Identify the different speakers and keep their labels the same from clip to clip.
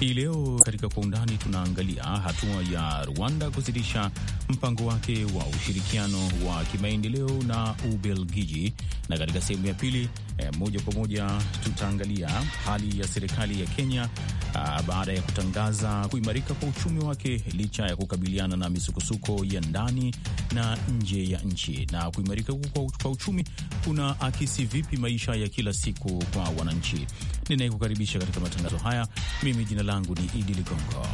Speaker 1: Hii leo katika kwa undani tunaangalia hatua ya Rwanda kusitisha mpango wake wa ushirikiano wa kimaendeleo na Ubelgiji, na katika sehemu ya pili eh, moja kwa moja tutaangalia hali ya serikali ya Kenya ah, baada ya kutangaza kuimarika kwa uchumi wake licha ya kukabiliana na misukosuko ya ndani na nje ya nchi, na kuimarika kwa uchumi kuna akisi vipi maisha ya kila siku kwa wananchi ninayekukaribisha katika matangazo haya. Mimi jina langu ni Idi Ligongo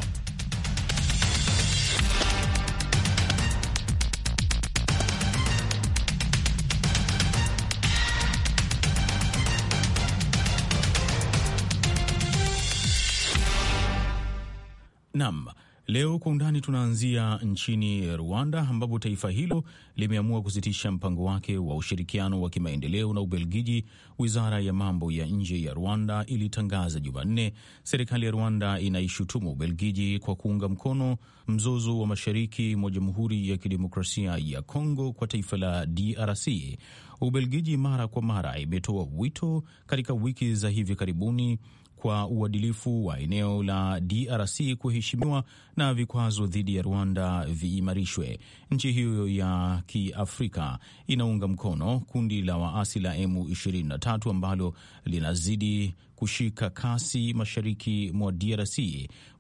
Speaker 1: nam Leo kwa undani tunaanzia nchini Rwanda ambapo taifa hilo limeamua kusitisha mpango wake wa ushirikiano wa kimaendeleo na Ubelgiji. Wizara ya mambo ya nje ya Rwanda ilitangaza Jumanne serikali ya Rwanda inaishutumu Ubelgiji kwa kuunga mkono mzozo wa mashariki mwa Jamhuri ya Kidemokrasia ya Kongo kwa taifa la DRC. Ubelgiji mara kwa mara imetoa wito katika wiki za hivi karibuni kwa uadilifu wa eneo la DRC kuheshimiwa na vikwazo dhidi ya Rwanda viimarishwe. Nchi hiyo ya Kiafrika inaunga mkono kundi la waasi la M23 ambalo linazidi kushika kasi mashariki mwa DRC.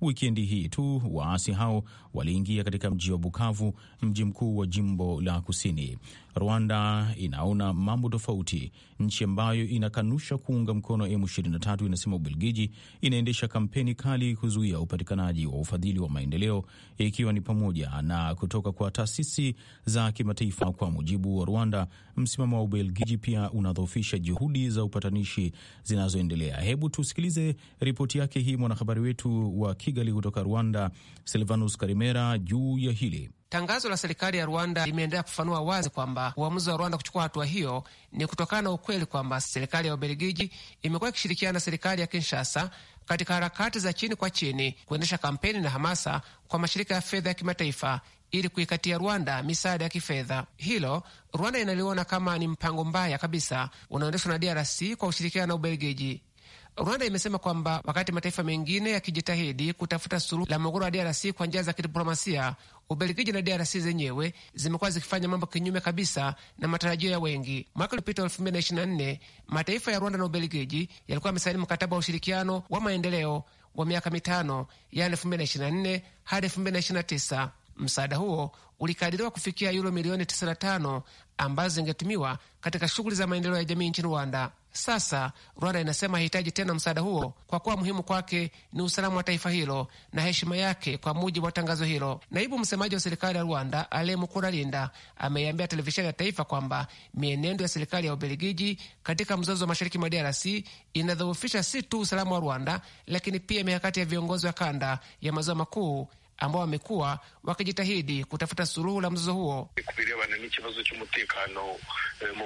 Speaker 1: Wikendi hii tu waasi hao waliingia katika mji wa Bukavu, mji mkuu wa jimbo la Kusini. Rwanda inaona mambo tofauti. Nchi ambayo inakanusha kuunga mkono M23 inasema Ubelgiji inaendesha kampeni kali kuzuia upatikanaji wa ufadhili wa maendeleo, ikiwa ni pamoja na kutoka kwa taasisi za kimataifa. Kwa mujibu wa Rwanda, msimamo wa Ubelgiji pia unadhoofisha juhudi za upatanishi zinazoendelea. Hebu tusikilize ripoti yake hii, mwanahabari wetu wa Kigali kutoka Rwanda, Silvanus Karimera, juu ya hili.
Speaker 2: Tangazo la serikali ya Rwanda limeendelea kufanua wazi kwamba uamuzi wa Rwanda kuchukua hatua hiyo ni kutokana na ukweli kwamba serikali ya Ubelgiji imekuwa ikishirikiana na serikali ya Kinshasa katika harakati za chini kwa chini kuendesha kampeni na hamasa kwa mashirika ya fedha ya kimataifa ili kuikatia Rwanda misaada ya kifedha. Hilo Rwanda inaliona kama ni mpango mbaya kabisa unaoendeshwa na DRC kwa ushirikiano na Ubelgiji. Rwanda imesema kwamba wakati mataifa mengine yakijitahidi kutafuta suluhu la mgogoro wa DRC kwa njia za kidiplomasia, Ubelgiji na DRC zenyewe zimekuwa zikifanya mambo kinyume kabisa na matarajio ya wengi. Mwaka uliopita nne, mataifa ya Rwanda na Ubelgiji yalikuwa yamesaini mkataba wa ushirikiano wa maendeleo wa miaka mitano, yaani na nne hadi tisa. Msaada huo ulikadiriwa kufikia yuro milioni 95 ambazo zingetumiwa katika shughuli za maendeleo ya jamii nchini Rwanda. Sasa Rwanda inasema hahitaji tena msaada huo kwa kuwa muhimu kwake ni usalama wa taifa hilo na heshima yake, kwa mujibu wa tangazo hilo. Naibu msemaji wa serikali ya Rwanda Ale Mukuralinda ameiambia televisheni ya taifa kwamba mienendo ya serikali ya Ubelgiji katika mzozo wa mashariki mwa DRC inadhoofisha si tu usalama wa Rwanda, lakini pia mikakati ya viongozi wa kanda ya maziwa makuu ambao wamekuwa wakijitahidi kutafuta suluhu la mzozo huo. Eh,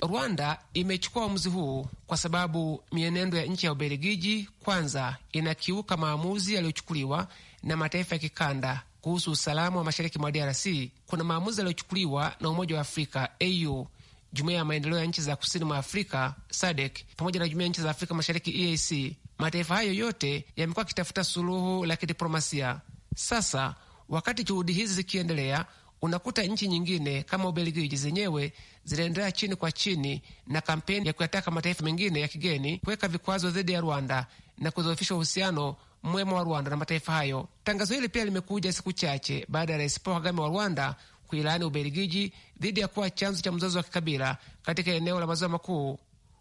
Speaker 2: Rwanda imechukua uamuzi huu kwa sababu mienendo ya nchi ya Ubelgiji kwanza inakiuka maamuzi yaliyochukuliwa na mataifa ya kikanda kuhusu usalama wa mashariki mwa DRC. Kuna maamuzi yaliyochukuliwa na Umoja wa Afrika au jumuiya ya maendeleo ya nchi za kusini mwa Afrika SADC pamoja na jumuiya ya nchi za Afrika Mashariki EAC. Mataifa hayo yote yamekuwa akitafuta suluhu la kidiplomasia. Sasa wakati juhudi hizi zikiendelea, unakuta nchi nyingine kama Ubelgiji zenyewe zinaendelea chini kwa chini na kampeni ya kuyataka mataifa mengine ya kigeni kuweka vikwazo dhidi ya Rwanda na kudhoofisha uhusiano mwema wa Rwanda na mataifa hayo. Tangazo hili pia limekuja siku chache baada ya Rais Paul Kagame wa Rwanda kuilaani Ubelgiji dhidi ya kuwa chanzo cha mzozo wa kikabila katika eneo la maziwa makuu.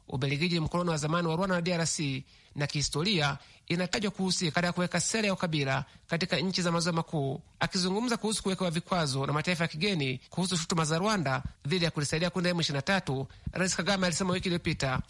Speaker 2: Ubelgiji ni mkoloni wa zamani wa Rwanda na DRC na kihistoria inatajwa kuhusika katika kuweka sera ya ukabila katika nchi za maziwa makuu. Akizungumza kuhusu kuwekewa vikwazo na mataifa ya kigeni kuhusu shutuma za Rwanda dhidi ya kulisaidia kundi la M23, Rais Kagame alisema wiki iliyopita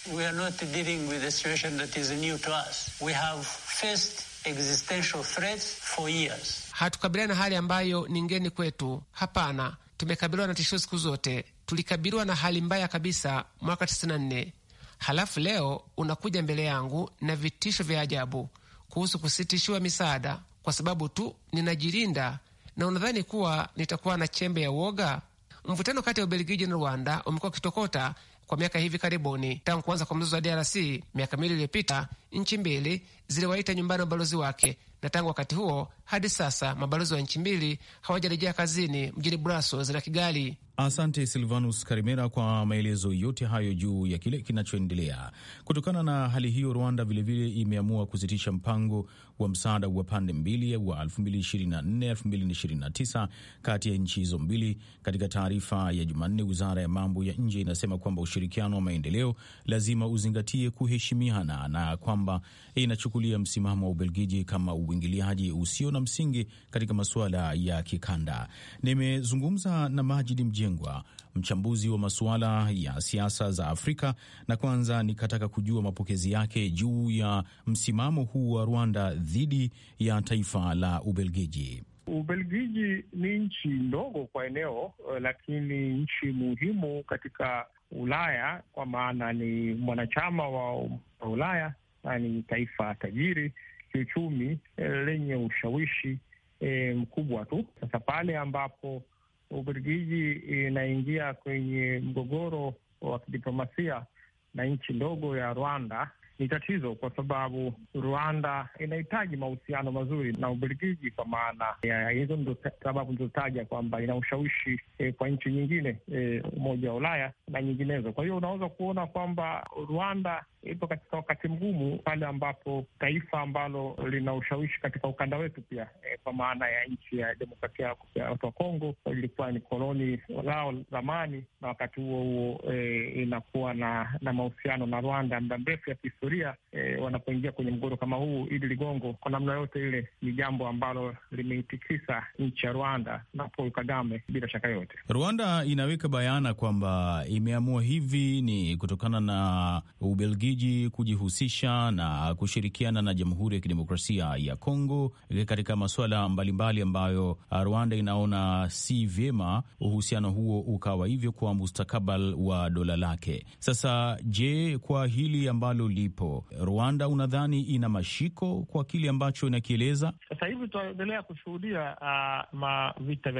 Speaker 3: existential threats for years.
Speaker 2: Hatukabiliana na hali ambayo ni ngeni kwetu. Hapana, tumekabiliwa na tishio siku zote. Tulikabiliwa na hali mbaya kabisa mwaka 94 halafu leo unakuja mbele yangu na vitisho vya ajabu kuhusu kusitishiwa misaada kwa sababu tu ninajilinda, na unadhani kuwa nitakuwa na chembe ya uoga? Mvutano kati ya Ubelgiji na Rwanda umekuwa ukitokota kwa miaka hivi karibuni. Tangu kuanza kwa mzozo wa DRC miaka miwili iliyopita, nchi mbili ziliwaita nyumbani ubalozi wake, na tangu wakati huo hadi sasa mabalozi wa nchi mbili hawajarejea kazini mjini Brussels na Kigali.
Speaker 1: Asante Silvanus Karimera kwa maelezo yote hayo juu ya kile kinachoendelea. Kutokana na hali hiyo, Rwanda vilevile vile imeamua kusitisha mpango wa msaada wa pande mbili wa 2024-2029 kati ya nchi hizo mbili. Katika taarifa ya Jumanne, wizara ya mambo ya nje inasema kwamba ushirikiano wa maendeleo lazima uzingatie kuheshimiana na kwamba inachukulia msimamo wa Ubelgiji kama uingiliaji usio na la msingi katika masuala ya kikanda. Nimezungumza na Majid Mjengwa, mchambuzi wa masuala ya siasa za Afrika, na kwanza nikataka kujua mapokezi yake juu ya msimamo huu wa Rwanda dhidi ya taifa la Ubelgiji.
Speaker 4: Ubelgiji ni nchi ndogo kwa eneo, eh, lakini nchi muhimu katika Ulaya kwa maana ni mwanachama wa Ulaya na ni taifa tajiri kiuchumi eh, lenye ushawishi e, mkubwa tu. Sasa pale ambapo Ubelgiji inaingia kwenye mgogoro wa kidiplomasia na nchi ndogo ya Rwanda ni tatizo, kwa sababu Rwanda inahitaji mahusiano mazuri na Ubelgiji, kwa maana hizo ndo sababu nizotaja kwamba ina ushawishi e, kwa nchi nyingine e, Umoja wa Ulaya na nyinginezo. Kwa hiyo unaweza kuona kwamba Rwanda ipo katika wakati mgumu pale ambapo taifa ambalo lina ushawishi katika ukanda wetu pia e, kwa maana ya nchi ya demokrasia ya watu wa Kongo ilikuwa ni koloni lao zamani, na wakati huo huo e, inakuwa na na mahusiano na Rwanda muda mrefu ya kihistoria kihistoria e, wanapoingia kwenye mgogoro kama huu, Idi Ligongo, kwa namna yote ile ni jambo ambalo limeitikisa nchi ya Rwanda na Paul Kagame bila shaka yote.
Speaker 1: Rwanda inaweka bayana kwamba imeamua hivi ni kutokana na Ubelgiji kujihusisha na kushirikiana na Jamhuri ya Kidemokrasia ya Kongo eh, katika masuala mbalimbali ambayo ah, Rwanda inaona si vyema uhusiano huo ukawa hivyo kwa mustakabali wa dola lake. Sasa je, kwa hili ambalo li ipo. Rwanda unadhani ina mashiko kwa kile ambacho inakieleza
Speaker 4: sasa hivi? Tunaendelea kushuhudia uh, mavita vita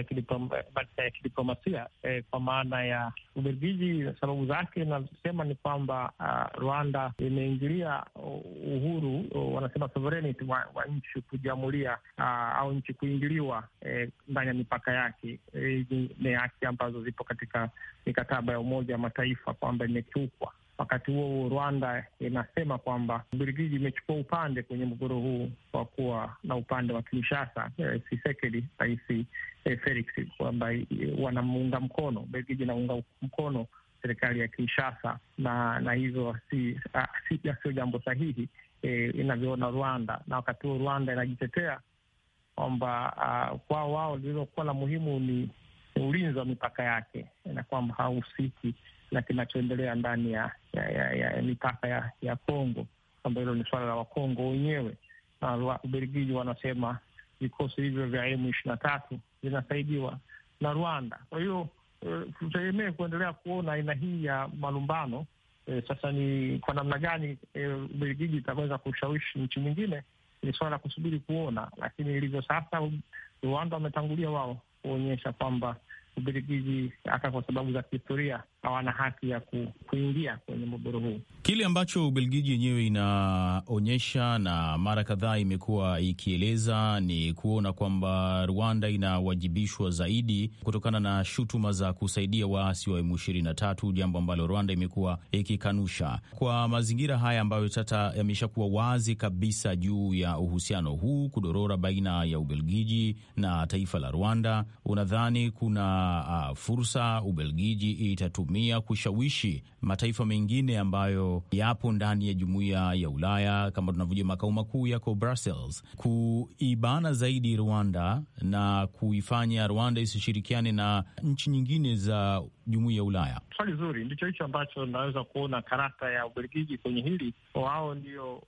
Speaker 4: vya kidiplomasia eh, kwa maana ya Ubelgiji. Sababu zake inasema ni kwamba uh, Rwanda imeingilia uhuru, uh, wanasema sovereignty wa, wa nchi kujiamulia uh, au nchi kuingiliwa eh, ndani eh, ya mipaka yake. Eh, hizi eh, ni haki ambazo zipo katika mikataba ya Umoja wa Mataifa kwamba imekiukwa Wakati huo huo, Rwanda inasema kwamba Ubelgiji imechukua upande kwenye mgogoro huu kwa kuwa na upande wa Kinshasa, eh, rais eh, Felix, kwamba eh, wanamuunga mkono Ubelgiji inaunga mkono serikali ya Kinshasa na na hivyo ah, si, sio jambo sahihi eh, inavyoona Rwanda, na wakati huo Rwanda inajitetea kwamba uh, kwao wao lililokuwa la muhimu ni ulinzi wa mipaka yake na kwamba hahusiki na kinachoendelea ndani ya mipaka ya, ya, ya, ya Kongo, kwamba hilo ni suala la Wakongo wenyewe. Ubelgiji wanasema vikosi hivyo vya emu ishirini na tatu vinasaidiwa na Rwanda. Kwa hiyo eh, tutegemee kuendelea kuona aina hii ya malumbano. E, sasa ni kwa namna gani e, Ubelgiji itaweza kushawishi nchi nyingine ni suala la kusubiri kuona, lakini ilivyo sasa, Rwanda wametangulia wao kuonyesha kwamba Ubelgiji hata kwa sababu za kihistoria hawana haki ya kuingia kwenye mgogoro huu.
Speaker 1: Kile ambacho Ubelgiji yenyewe inaonyesha na mara kadhaa imekuwa ikieleza ni kuona kwamba Rwanda inawajibishwa zaidi kutokana na shutuma za kusaidia waasi wa emu ishirini na tatu, jambo ambalo Rwanda imekuwa ikikanusha. Kwa mazingira haya ambayo tata yameshakuwa wazi kabisa juu ya uhusiano huu kudorora baina ya Ubelgiji na taifa la Rwanda, unadhani kuna uh, fursa Ubelgiji itatumia kutumia kushawishi mataifa mengine ambayo yapo ndani ya jumuiya ya Ulaya, kama tunavyojua makao makuu yako Brussels, kuibana zaidi Rwanda na kuifanya Rwanda isishirikiane na nchi nyingine za jumuiya ya Ulaya.
Speaker 4: Swali zuri, ndicho hicho ambacho naweza kuona karata ya Ubelgiji kwenye hili. Wao ndio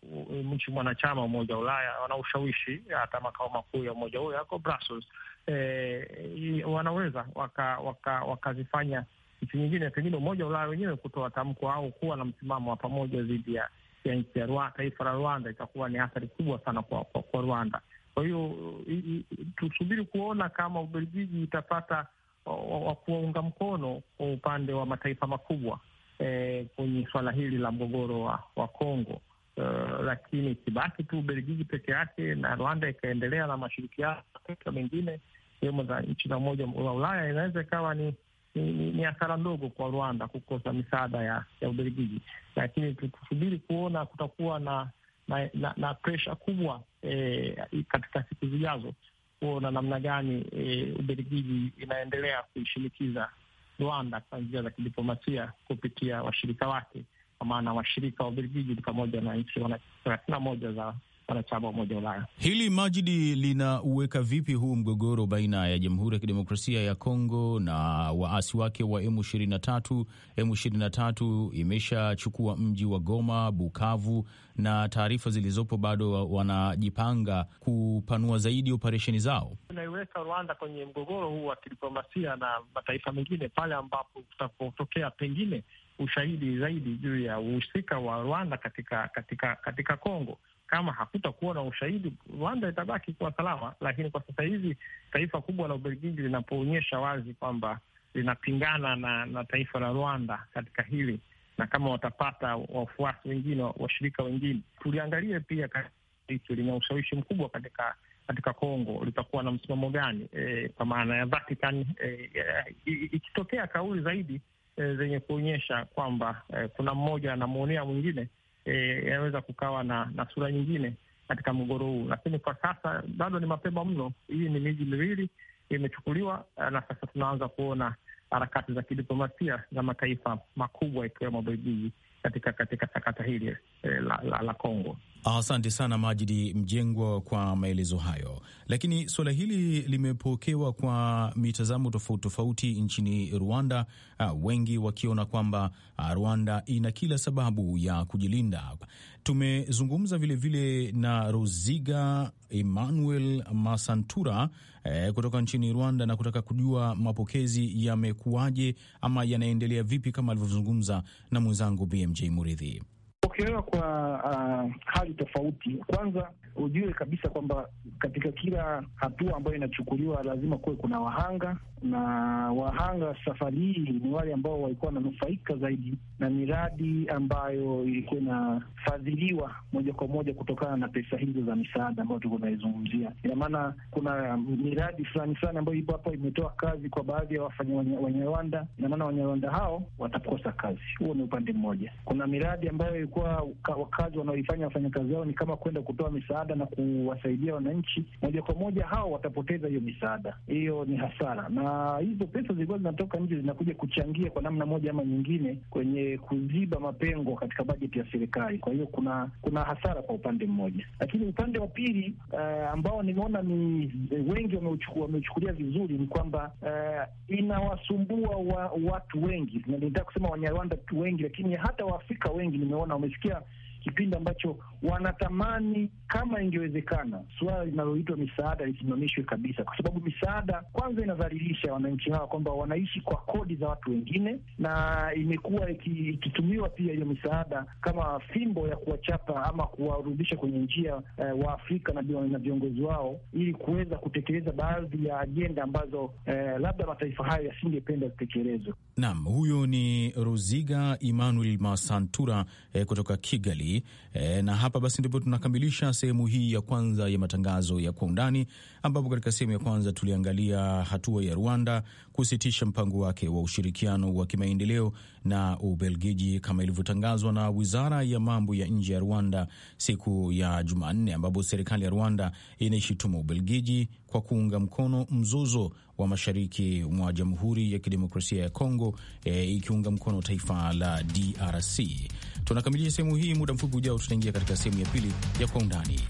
Speaker 4: nchi mwanachama Umoja wa Ulaya, wana ushawishi, hata makao makuu ya umoja huo yako Brussels. E, wanaweza wakazifanya waka, waka nchi nyingine, pengine Umoja wa Ulaya wenyewe kutoa tamko au kuwa na msimamo wa pamoja dhidi ya nchi ya taifa la Rwanda, itakuwa ni athari kubwa sana kwa, kwa, kwa Rwanda. Kwa hiyo tusubiri kuona kama Ubelgiji itapata wa kuwaunga mkono kwa upande wa mataifa makubwa e, kwenye suala hili la mgogoro wa, wa Kongo. Uh, lakini kibaki tu Ubelgiji peke yake na Rwanda ikaendelea na mashirikiano mataifa mengine sehemu za nchi za Umoja wa Ulaya, inaweza ikawa ni ni hasara ndogo kwa Rwanda kukosa misaada ya, ya Ubelgiji, lakini tukusubiri kuona kutakuwa na na, na, na presha kubwa e, katika siku zijazo kuona namna gani e, Ubelgiji inaendelea kuishinikiza Rwanda kwa njia za kidiplomasia kupitia washirika wake, kwa maana washirika wa Ubelgiji ni pamoja na nchi thelathini na moja za wanachama wa Umoja wa Ulaya.
Speaker 1: Hili Majidi, linauweka vipi huu mgogoro baina ya Jamhuri ya Kidemokrasia ya Kongo na waasi wake wa M23? M23 imeshachukua mji wa Goma, Bukavu, na taarifa zilizopo bado wanajipanga kupanua zaidi operesheni zao.
Speaker 4: inaiweka Rwanda kwenye mgogoro huu wa kidiplomasia na mataifa mengine pale ambapo kutapotokea pengine ushahidi zaidi juu ya uhusika wa Rwanda katika katika katika Kongo kama hakutakuwa na ushahidi, Rwanda itabaki kuwa salama. Lakini kwa sasa hivi taifa kubwa la Ubelgiji linapoonyesha wazi kwamba linapingana na, na taifa la Rwanda katika hili, na kama watapata wafuasi wengine, washirika wengine, tuliangalie pia hicho lina ushawishi mkubwa katika katika Kongo litakuwa na msimamo gani? E, kwa maana ya Vatican e, e, e ikitokea kauli zaidi e, zenye kuonyesha kwamba e, kuna mmoja anamwonea mwingine yanaweza e, kukawa na, na sura nyingine katika mgogoro huu, lakini kwa sasa bado ni mapema mno. Hii ni miji miwili imechukuliwa, eh, na sasa tunaanza kuona harakati za kidiplomasia za mataifa makubwa ikiwemo Belgiji katika katika sakata hili
Speaker 1: e, la la, la, la Asante sana Majidi Mjengwa kwa maelezo hayo. Lakini suala hili limepokewa kwa mitazamo tofauti tofauti nchini Rwanda, ah, wengi wakiona kwamba ah, Rwanda ina kila sababu ya kujilinda. Tumezungumza vilevile na Roziga Emmanuel Masantura eh, kutoka nchini Rwanda na kutaka kujua mapokezi yamekuwaje ama yanaendelea vipi, kama alivyozungumza na mwenzangu BMJ Muridhi.
Speaker 3: Pokelewa kwa uh, hali tofauti. Kwanza ujue kabisa kwamba katika kila hatua ambayo inachukuliwa lazima kuwe kuna wahanga, na wahanga safari hii ni wale ambao walikuwa wananufaika zaidi na miradi ambayo ilikuwa inafadhiliwa moja kwa moja kutokana na pesa hizo za misaada ambayo tulikuwa tunaizungumzia. Ina maana kuna miradi fulani fulani ambayo ipo hapa imetoa kazi kwa baadhi ya wafanya Wanyarwanda, ina maana Wanyarwanda hao watakosa wafanyakazi. Huo ni upande mmoja. Kuna miradi ambayo ilikuwa wakazi wanaoifanya wafanyakazi wao ni kama kwenda kutoa misaada na kuwasaidia wananchi moja kwa moja, hao watapoteza hiyo misaada, hiyo ni hasara. Na hizo pesa zilikuwa zinatoka nje, zinakuja kuchangia kwa namna moja ama nyingine kwenye kuziba mapengo katika bajeti ya serikali. Kwa hiyo kuna kuna hasara kwa upande mmoja, lakini upande wa pili uh, ambao nimeona ni eh, wengi wameuchukulia vizuri ni kwamba uh, inawasumbua wa, watu wengi, nitaka kusema wanya wanda tu wengi, lakini hata Waafrika wengi nimeona wamesikia kipindi ambacho wanatamani kama ingewezekana suala linaloitwa misaada lisimamishwe kabisa, kwa sababu misaada kwanza inadhalilisha wananchi hawa kwamba wanaishi kwa kodi za watu wengine, na imekuwa ikitumiwa pia hiyo misaada kama fimbo ya kuwachapa ama kuwarudisha kwenye njia eh, wa Afrika na viongozi wao ili kuweza kutekeleza baadhi ya ajenda ambazo eh, labda mataifa hayo yasingependa zitekelezwe.
Speaker 1: Naam, huyo ni Ruziga Emmanuel Masantura eh, kutoka Kigali E, na hapa basi ndipo tunakamilisha sehemu hii ya kwanza ya matangazo ya kwa undani, ambapo katika sehemu ya kwanza tuliangalia hatua ya Rwanda kusitisha mpango wake wa ushirikiano wa kimaendeleo na Ubelgiji kama ilivyotangazwa na Wizara ya Mambo ya Nje ya Rwanda siku ya Jumanne, ambapo serikali ya Rwanda inaishitumu Ubelgiji kwa kuunga mkono mzozo wa mashariki mwa Jamhuri ya Kidemokrasia ya Kongo, e, ikiunga mkono taifa la DRC. Tunakamilisha sehemu hii. Muda mfupi ujao, tutaingia katika sehemu ya pili ya Kwa Undani.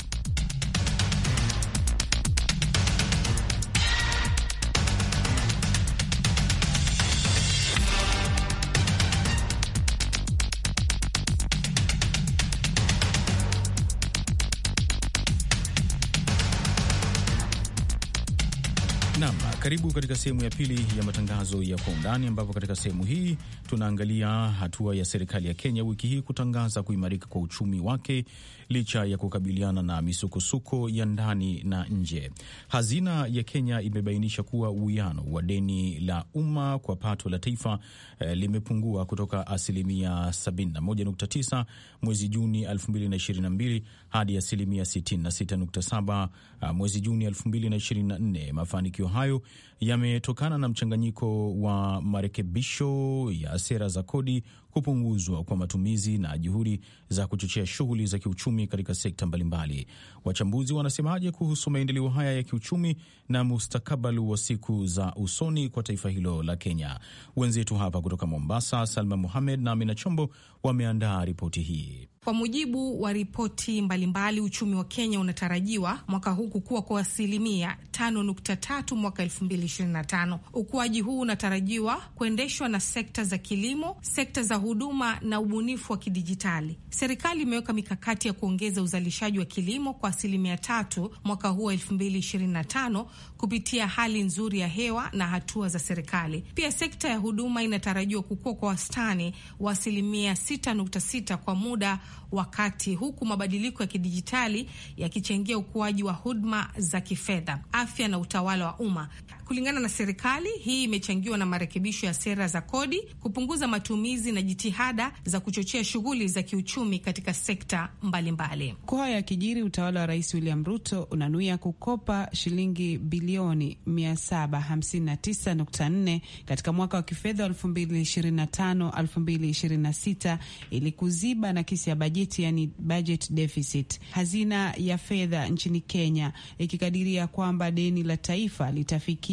Speaker 1: Nam, karibu katika sehemu ya pili ya matangazo ya kwa undani, ambapo katika sehemu hii tunaangalia hatua ya serikali ya Kenya wiki hii kutangaza kuimarika kwa uchumi wake licha ya kukabiliana na misukosuko ya ndani na nje. Hazina ya Kenya imebainisha kuwa uwiano wa deni la umma kwa pato la taifa eh, limepungua kutoka asilimia 71.9 mwezi Juni 2022 hadi asilimia 66.7 ah, mwezi Juni 2024 mafanikio mafanikio hayo yametokana na mchanganyiko wa marekebisho ya sera za kodi, kupunguzwa kwa matumizi na juhudi za kuchochea shughuli za kiuchumi katika sekta mbalimbali. Wachambuzi wanasemaje kuhusu maendeleo haya ya kiuchumi na mustakabali wa siku za usoni kwa taifa hilo la Kenya? Wenzetu hapa kutoka Mombasa, Salma Muhamed na Amina Chombo wameandaa ripoti hii.
Speaker 5: Kwa mujibu wa ripoti mbalimbali, uchumi wa Kenya unatarajiwa mwaka huu kukua kwa asilimia 5.3 mwaka 2025. Ukuaji huu unatarajiwa kuendeshwa na sekta za kilimo, sekta za huduma na ubunifu wa kidijitali. Serikali imeweka mikakati ya kuongeza uzalishaji wa kilimo kwa asilimia tatu mwaka huu wa 2025 kupitia hali nzuri ya hewa na hatua za serikali. Pia sekta ya huduma inatarajiwa kukua kwa wastani wa asilimia 6.6 kwa muda wakati, huku mabadiliko ya kidijitali yakichangia ukuaji wa huduma za kifedha, afya na utawala wa umma. Kulingana na serikali, hii imechangiwa na marekebisho ya sera za kodi, kupunguza matumizi na jitihada za kuchochea shughuli za kiuchumi katika sekta mbalimbali.
Speaker 6: Kwa haya yakijiri, utawala wa Rais William Ruto unanuia kukopa shilingi bilioni 759.4 katika mwaka wa kifedha 2025/2026 ili kuziba nakisi ya bajeti, yani budget deficit. Hazina ya fedha nchini Kenya ikikadiria kwamba deni la taifa litafikia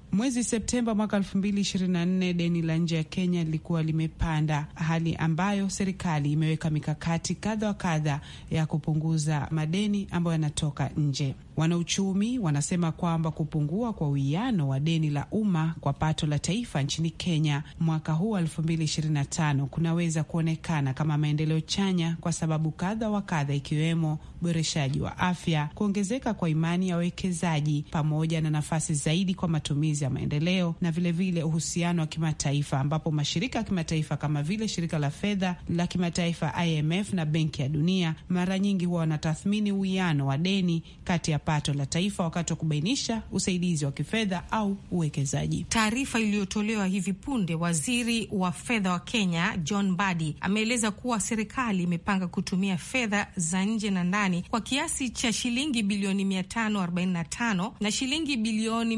Speaker 6: Mwezi Septemba mwaka 2024 deni la nje ya Kenya lilikuwa limepanda, hali ambayo serikali imeweka mikakati kadha wa kadha ya kupunguza madeni ambayo yanatoka nje. Wanauchumi wanasema kwamba kupungua kwa uwiano wa deni la umma kwa pato la taifa nchini Kenya mwaka huu 2025 kunaweza kuonekana kama maendeleo chanya kwa sababu kadha wa kadha, ikiwemo uboreshaji wa afya, kuongezeka kwa imani ya wawekezaji, pamoja na nafasi zaidi kwa matumizi ya maendeleo na vilevile vile uhusiano wa kimataifa, ambapo mashirika ya kimataifa kama vile shirika la fedha la kimataifa IMF na Benki ya Dunia mara nyingi huwa wanatathmini uwiano wa deni kati ya pato la taifa wakati wa kubainisha usaidizi wa kifedha au uwekezaji. Taarifa iliyotolewa hivi punde,
Speaker 5: waziri wa fedha wa Kenya John Badi ameeleza kuwa serikali imepanga kutumia fedha za nje na ndani kwa kiasi cha shilingi bilioni 545 na shilingi bilioni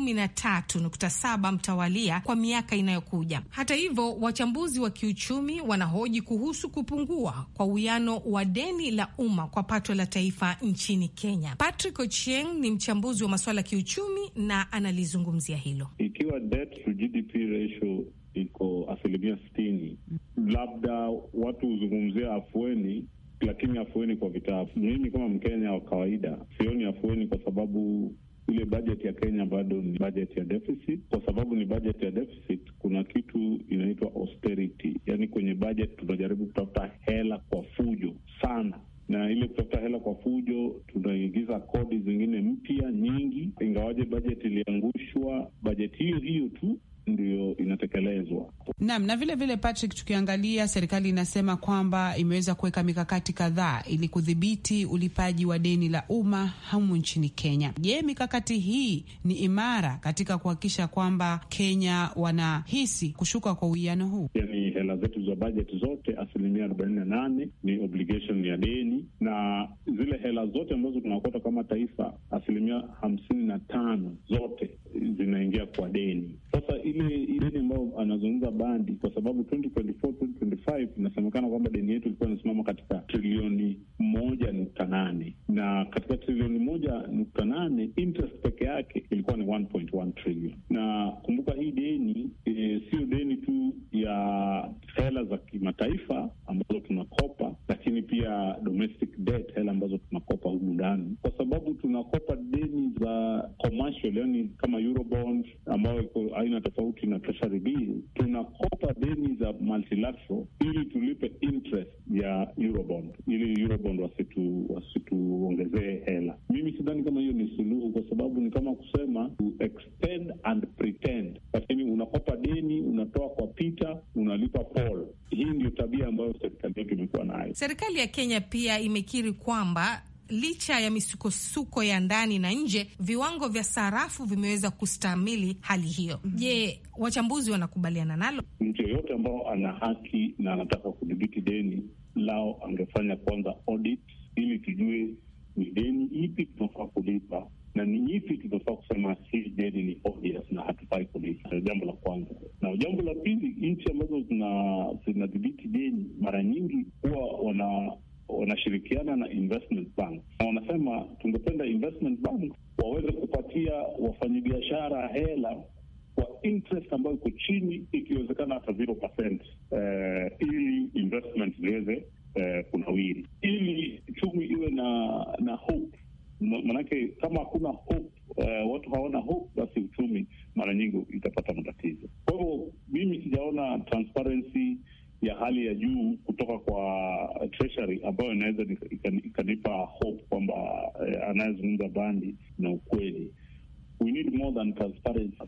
Speaker 5: 13.7 mtawalia kwa miaka inayokuja. Hata hivyo, wachambuzi wa kiuchumi wanahoji kuhusu kupungua kwa uwiano wa deni la umma kwa pato la taifa nchini Kenya. Patrick Ochieng ni mchambuzi wa masuala ya kiuchumi na analizungumzia hilo.
Speaker 7: Ikiwa debt to GDP ratio iko asilimia sitini, labda watu huzungumzia afueni lakini afueni kwa vitabu, mimi kama Mkenya wa kawaida sioni afueni, kwa sababu ile bajeti ya Kenya bado ni bajeti ya deficit. Kwa sababu ni bajeti ya deficit, kuna kitu inaitwa austerity, yaani kwenye bajeti tunajaribu
Speaker 6: na vile vile, Patrick, tukiangalia serikali inasema kwamba imeweza kuweka mikakati kadhaa ili kudhibiti ulipaji wa deni la umma humu nchini Kenya. Je, mikakati hii ni imara katika kuhakikisha kwamba Kenya wanahisi kushuka kwa uwiano huu?
Speaker 7: Yeah, hela zetu za bajeti zote, asilimia arobaini na nane ni obligation ya deni, na zile hela zote ambazo tunakota kama taifa, asilimia hamsini na tano zote zinaingia kwa deni. Sasa ile deni ambayo anazungumza Bandi, kwa sababu 2024 2025 inasemekana kwamba deni yetu ilikuwa inasimama katika trilioni moja nukta nane na katika trilioni moja nukta nane
Speaker 5: interest peke yake ilikuwa ni 1.1 na kumbuka hii deni e,
Speaker 7: sio deni hela za kimataifa ambazo tunakopa, lakini pia domestic debt, hela ambazo tunakopa humu ndani, kwa sababu tunakopa deni za commercial, yani kama Eurobond ambayo iko aina tofauti na treasury bill. Tunakopa deni za multilateral ili tulipe interest ya Eurobond ili Eurobond wasituongezee wasitu tabia ambayo serikali yetu imekuwa nayo.
Speaker 5: Serikali ya Kenya pia imekiri kwamba licha ya misukosuko ya ndani na nje, viwango vya sarafu vimeweza kustahimili hali hiyo. Mm-hmm. Je, wachambuzi wanakubaliana nalo?
Speaker 7: Mtu yoyote ambao ana haki na anataka kudhibiti deni lao angefanya kwanza audit, ili tujue ni deni ipi tunafaa kulipa na ni ipi tutafaa kusema hii deni ni obvious na hatufai kulipa. Jambo la kwanza, na jambo la pili, nchi ambazo zinadhibiti deni mara nyingi huwa wana wanashirikiana na investment bank na wanasema tungependa investment bank waweze kupatia wafanyabiashara hela kwa interest ambayo iko chini, ikiwezekana hata zero percent, eh, ili investment ziweze eh, kunawiri, ili chumi iwe na na hope Manake kama hakuna hope, uh, watu hawana hope, basi uchumi mara nyingi itapata matatizo. Kwa hivyo mimi sijaona transparency ya hali ya juu kutoka kwa eh, treasury ambayo inaweza ikanipa hope kwamba eh, anayezungumza bandi na ukweli. We need more than transparency.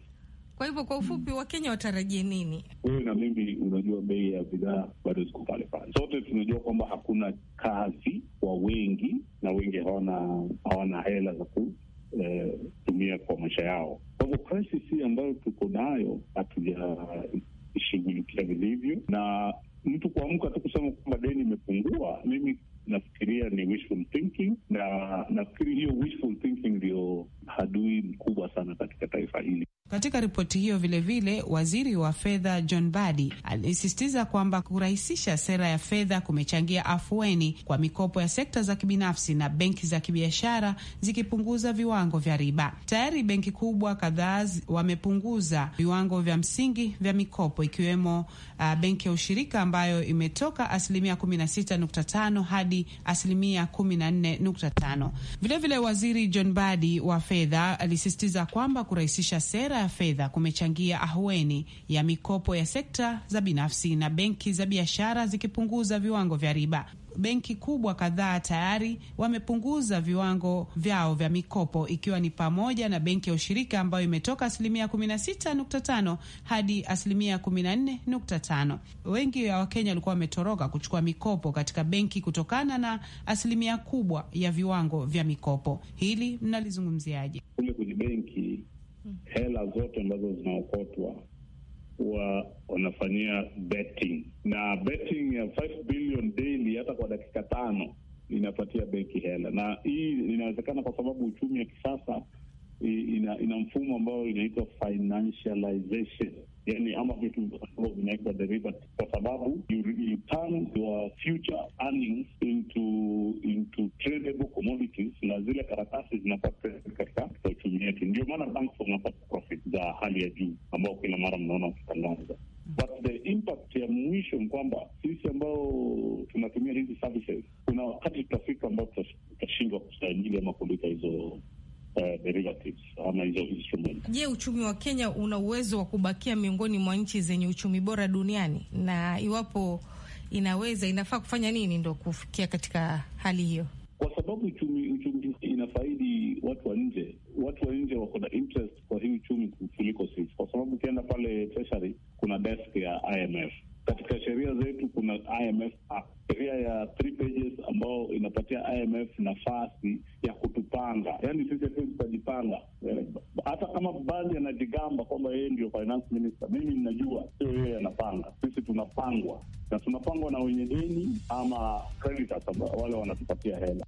Speaker 5: Kwa hivyo kwa ufupi, hmm. Wakenya watarajie nini?
Speaker 7: Wewe na mimi, unajua bei ya bidhaa bado ziko pale pale, sote tunajua kwamba hakuna kazi kwa wengi hela za kutumia eh, kwa maisha yao. Kwa hivyo, crisis hii ambayo tuko nayo
Speaker 6: ripoti hiyo vilevile vile, waziri wa fedha John Badi alisisitiza kwamba kurahisisha sera ya fedha kumechangia afueni kwa mikopo ya sekta za kibinafsi na benki za kibiashara zikipunguza viwango vya riba. Tayari benki kubwa kadhaa wamepunguza viwango vya msingi vya mikopo ikiwemo uh, benki ya ushirika ambayo imetoka asilimia 16.5 hadi asilimia 14.5. Vilevile waziri John Badi wa fedha alisisitiza kwamba kurahisisha sera ya fedha fedha kumechangia ahueni ya mikopo ya sekta za binafsi na benki za biashara zikipunguza viwango vya riba. Benki kubwa kadhaa tayari wamepunguza viwango vyao vya mikopo ikiwa ni pamoja na benki ya ushirika ambayo imetoka asilimia 16.5 hadi asilimia 14.5. Wengi ya Wakenya walikuwa wametoroka kuchukua mikopo katika benki kutokana na asilimia kubwa ya viwango vya mikopo. Hili mnalizungumziaje?
Speaker 7: Kule kwenye benki hela zote ambazo zinaokotwa huwa wanafanyia betting na betting ya 5 billion daily, hata kwa dakika tano inapatia benki hela, na hii inawezekana kwa sababu uchumi ya kisasa ina, ina mfumo ambao inaitwa financialization yani ama vitu ambavyo vinawekwa deriva, kwa sababu you, you turn your future earnings into into tradable commodities, na zile karatasi zinakuwa katika uchumi yetu. Ndio maana banks wanapata profit za hali ya juu ambao kila mara mnaona wakitangaza but the impact ya mwisho ni kwamba sisi ambao tunatumia hizi services, kuna wakati tutafika ambao tutashindwa kustahimili ama kulipa hizo derivatives uh, ama hizo instruments.
Speaker 5: Je, uchumi wa Kenya una uwezo wa kubakia miongoni mwa nchi zenye uchumi bora duniani? Na iwapo inaweza, inafaa kufanya nini ndo kufikia katika hali hiyo?
Speaker 7: Kwa sababu uchumi uchumi inafaidi watu wa nje, watu wa nje wako na interest kwa hii uchumi kuliko sisi, kwa sababu ukienda pale treasury kuna desk ya IMF katika sheria zetu kuna IMF sheria ya three pages ambayo inapatia IMF nafasi ya kutupanga, yaani sisi tutajipanga. Hata kama baadhi anajigamba kwamba yeye ndio finance minister, mimi ninajua sio yeye anapanga, sisi tunapangwa na tunapangwa na wenye deni ama creditors, wale wanatupatia hela.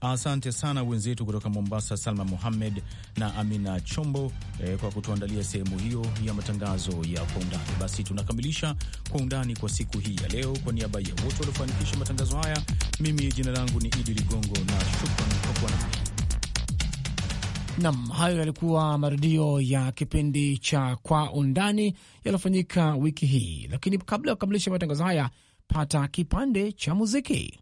Speaker 1: Asante sana wenzetu kutoka Mombasa, Salma Muhammed na Amina Chombo eh, kwa kutuandalia sehemu hiyo ya matangazo ya Kwa Undani. Basi tunakamilisha Kwa Undani kwa siku hii ya leo. Kwa niaba ya wote waliofanikisha matangazo haya, mimi jina langu ni Idi Ligongo na shukran kwa kuwa nami.
Speaker 3: Nam, hayo yalikuwa marudio ya kipindi cha Kwa Undani yaliyofanyika
Speaker 2: wiki hii, lakini kabla ya kukamilisha matangazo haya, pata kipande cha muziki.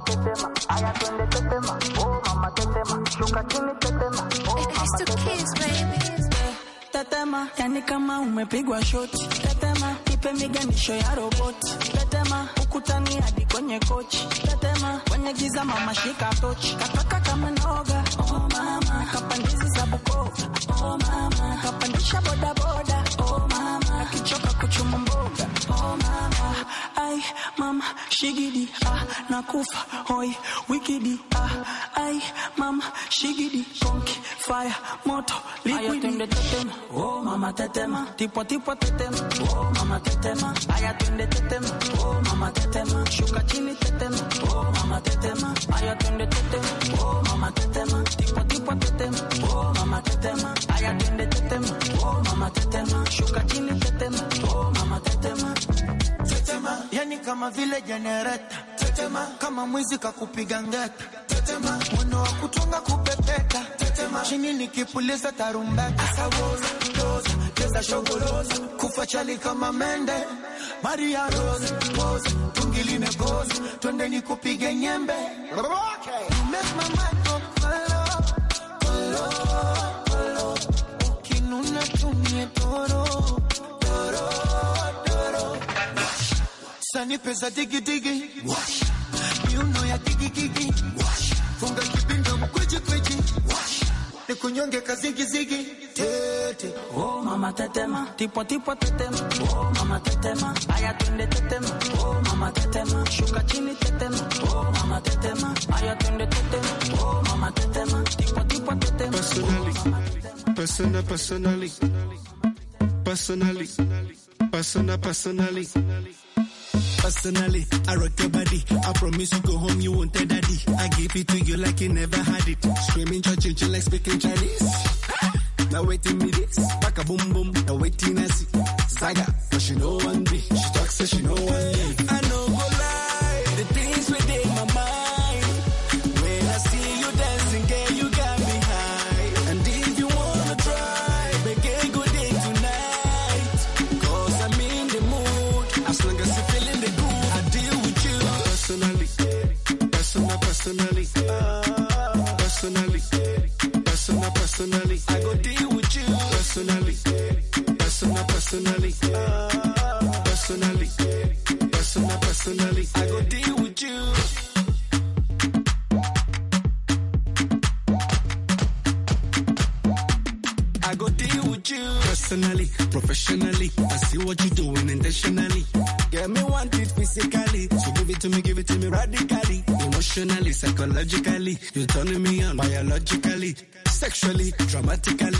Speaker 3: tetema,
Speaker 5: oh,
Speaker 6: oh, yani kama umepigwa shoti, tetema, ipe miganisho ya roboti, tetema, ukutani hadi kwenye kochi, tetema, kwenye giza mama shika tochi, kataka kama noga, oh mama, kapandizi za Bukoba, oh mama, kapandisha bodaboda kufa hoi wikidi ah, ai mama shigidi konki fire moto liquidi oh mama tetema tipo tipo tetema oh mama tetema aya tunde tetema oh mama tetema shuka chini tetema oh mama tetema aya tunde tetema oh mama tetema tipo tipo tetema oh mama tetema aya tunde tetema
Speaker 3: oh mama tetema shuka chini tetema oh mama tetema tetema yani kama vile generator tetema, kama mwizi kakupiga ngeta tetema, mwana wa kutonga kupepeta tetema, chini nikipuliza tarumbeta sawoza doza cheza shogoloza kufa chali kama mende Maria Rose pose tungiline pose twende nikupige nyembe
Speaker 6: okay. make my mind go follow follow
Speaker 3: ukinuna tumie toro Sani pesa digi digi. Wash ya gigi gigi, funga kibinda mkweje kweje, ni kunyonge kazigi tete.
Speaker 6: Oh mama tetema, tipo tipo tetema, oh mama tetema, aya twende tetema, oh mama tetema, shuka chini tetema, oh mama tetema, aya twende tetema, oh mama tetema, tipo tipo tetema, personally, oh, persona personally, personally, personally. Personally, I rock your body. I promise you go home, you won't tell daddy. I give it to you like you never had it. Screaming, church, like speaking Chinese. Now waiting me this, back a boom boom. Now waiting I see. Saga, cause she know one day. She talks, so she know one day. sexually, dramatically.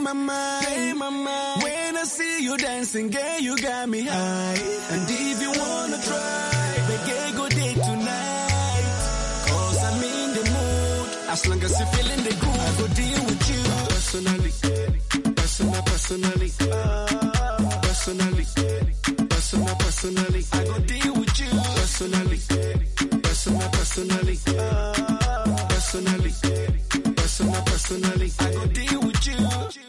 Speaker 6: my mind, mama, my mind. When I see you dancing, gay, you got me high. And if you wanna try, the gay go date tonight. Cause I'm in the mood. As long as you're feeling the groove, I go deal with you. Personally, personal, personally.
Speaker 7: Personally, personal, personally. I go deal with you. Personally, personal, personally. Personally, personal, personally. I go deal you.